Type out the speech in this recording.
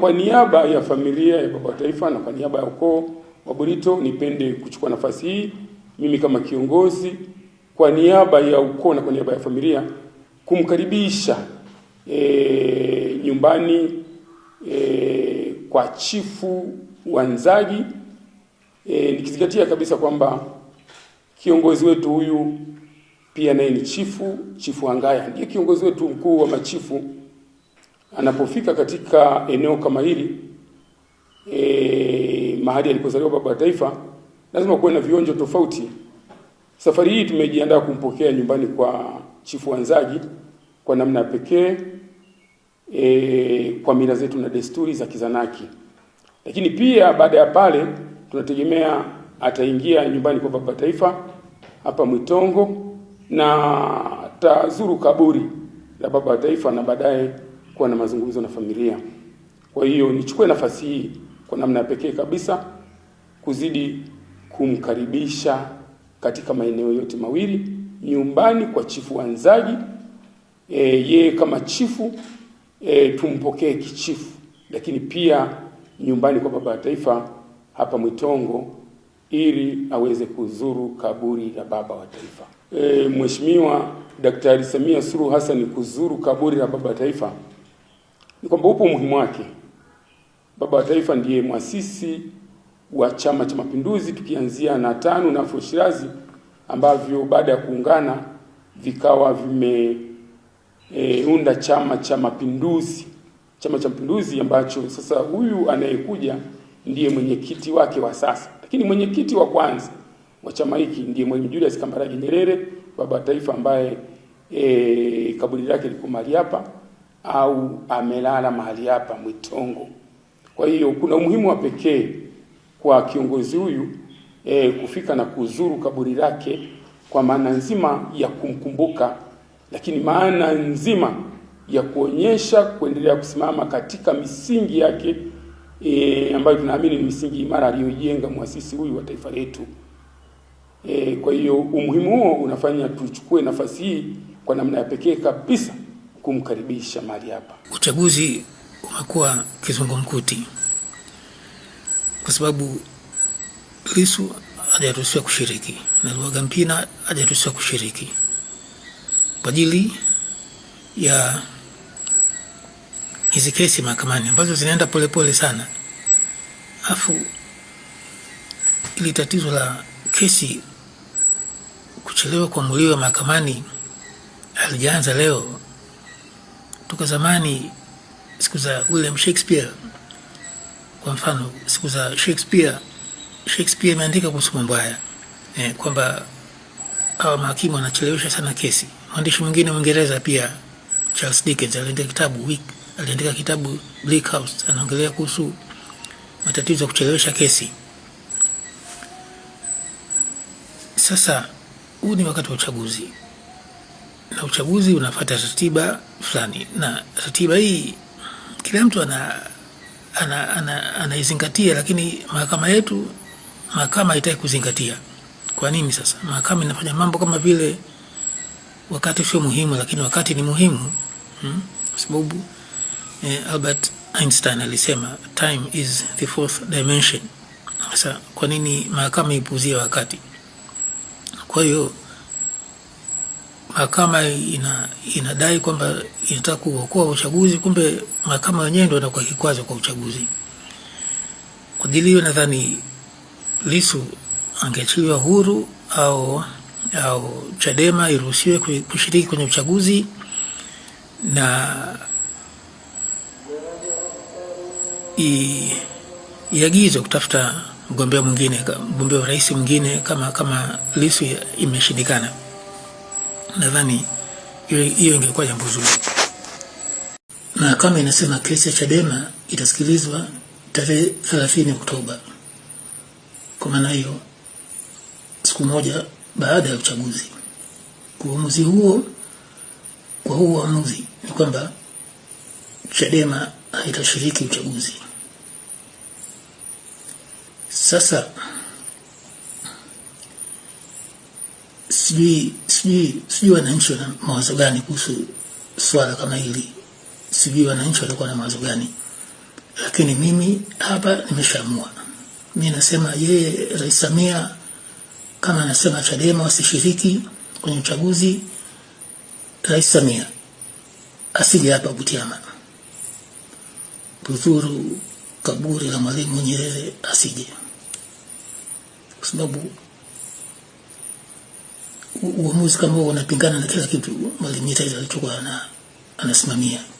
Kwa niaba ya familia ya Baba wa Taifa na kwa niaba ya ukoo wa Burito, nipende kuchukua nafasi hii mimi kama kiongozi, kwa niaba ya ukoo na kwa niaba ya familia, kumkaribisha e, nyumbani e, kwa Chifu Wanzagi e, nikizingatia kabisa kwamba kiongozi wetu huyu pia naye ni chifu. Chifu angaya ndiye kiongozi wetu mkuu wa machifu anapofika katika eneo kama hili e, mahali alipozaliwa baba wa taifa, lazima kuwe na vionjo tofauti. Safari hii tumejiandaa kumpokea nyumbani kwa chifu Wanzagi kwa namna ya pekee e, kwa mila zetu na desturi za Kizanaki, lakini pia baada ya pale tunategemea ataingia nyumbani kwa baba taifa hapa Mwitongo na tazuru kaburi la baba wa taifa na baadaye kuwa na mazungumzo na familia. Kwa hiyo nichukue nafasi hii kwa namna ya pekee kabisa kuzidi kumkaribisha katika maeneo yote mawili, nyumbani kwa chifu Wanzagi. E, yeye kama chifu e, tumpokee kichifu, lakini pia nyumbani kwa baba wa taifa hapa Mwitongo ili aweze kuzuru kaburi la baba wa taifa. E, Mheshimiwa Daktari Samia Suluhu Hassan kuzuru kaburi la baba wa taifa ni kwamba upo umuhimu wake. Baba wa Taifa ndiye mwasisi wa Chama cha Mapinduzi, tukianzia na TANU na Afro Shirazi ambavyo baada ya kuungana vikawa vimeunda e, Chama cha Mapinduzi, Chama cha Mapinduzi ambacho sasa huyu anayekuja ndiye mwenyekiti wake wa sasa, lakini mwenyekiti wa kwanza wa chama hiki ndiye Mwalimu Julius Kambarage Nyerere, baba wa Taifa ambaye e, kaburi lake liko mahali hapa au amelala mahali hapa Mwitongo. Kwa hiyo kuna umuhimu wa pekee kwa kiongozi huyu e, kufika na kuzuru kaburi lake kwa maana nzima ya kumkumbuka, lakini maana nzima ya kuonyesha kuendelea kusimama katika misingi yake e, ambayo tunaamini ni misingi imara aliyojenga mwasisi huyu wa taifa letu. E, kwa hiyo umuhimu huo unafanya tuchukue nafasi hii kwa namna ya pekee kabisa kumkaribisha mahali hapa. Uchaguzi umekuwa kizungumkuti kwa sababu Lisu hajaruhusiwa kushiriki na Mpina hajaruhusiwa kushiriki kwa ajili ya hizi kesi mahakamani ambazo zinaenda polepole sana, afu ili tatizo la kesi kuchelewa kuamuliwa mahakamani alijaanza leo toka zamani, siku za William Shakespeare. Kwa mfano, siku za Shakespeare, Shakespeare imeandika kuhusu mambo haya e, kwamba hawa mahakimu wanachelewesha sana kesi. Mwandishi mwingine Mwingereza pia Charles Dickens aliandika kitabu Week, aliandika kitabu Bleak House, anaongelea kuhusu matatizo ya kuchelewesha kesi. Sasa huu ni wakati wa uchaguzi na uchaguzi unafata ratiba fulani, na ratiba hii kila mtu anaizingatia ana, ana, ana, ana, lakini mahakama yetu, mahakama haitaki kuzingatia. Kwa nini? Sasa mahakama inafanya mambo kama vile wakati sio muhimu, lakini wakati ni muhimu hmm? Kwa sababu eh, Albert Einstein alisema time is the fourth dimension. Sasa kwa nini mahakama ipuzie wakati? Kwa hiyo mahakama ina, inadai kwamba inataka kuokoa uchaguzi, kumbe mahakama wenyewe ndio inakuwa kikwazo kwa uchaguzi. Kwa hiyo nadhani lisu angeachiliwa huru au au Chadema iruhusiwe kushiriki kwenye uchaguzi na iagizwe kutafuta mgombea mwingine, mgombea rahisi mwingine kama kama Lisu imeshindikana nadhani hiyo ingekuwa jambo zuri, na kama inasema kesi ya Chadema itasikilizwa tarehe 30 Oktoba, kwa maana hiyo siku moja baada ya uchaguzi. Kwa uamuzi huo, kwa huo uamuzi ni kwamba Chadema haitashiriki uchaguzi. Sasa sijui sijui wananchi wana mawazo gani kuhusu swala kama hili sijui wananchi walikuwa na mawazo gani lakini mimi hapa nimeshaamua Mimi nasema yeye rais samia kama anasema chadema wasishiriki kwenye uchaguzi rais samia asije hapa butiama kuzuru kaburi la mwalimu nyerere asije kwa sababu uamuzi kama wanapingana na kila kitu, waliniita ile alichokuwa anasimamia.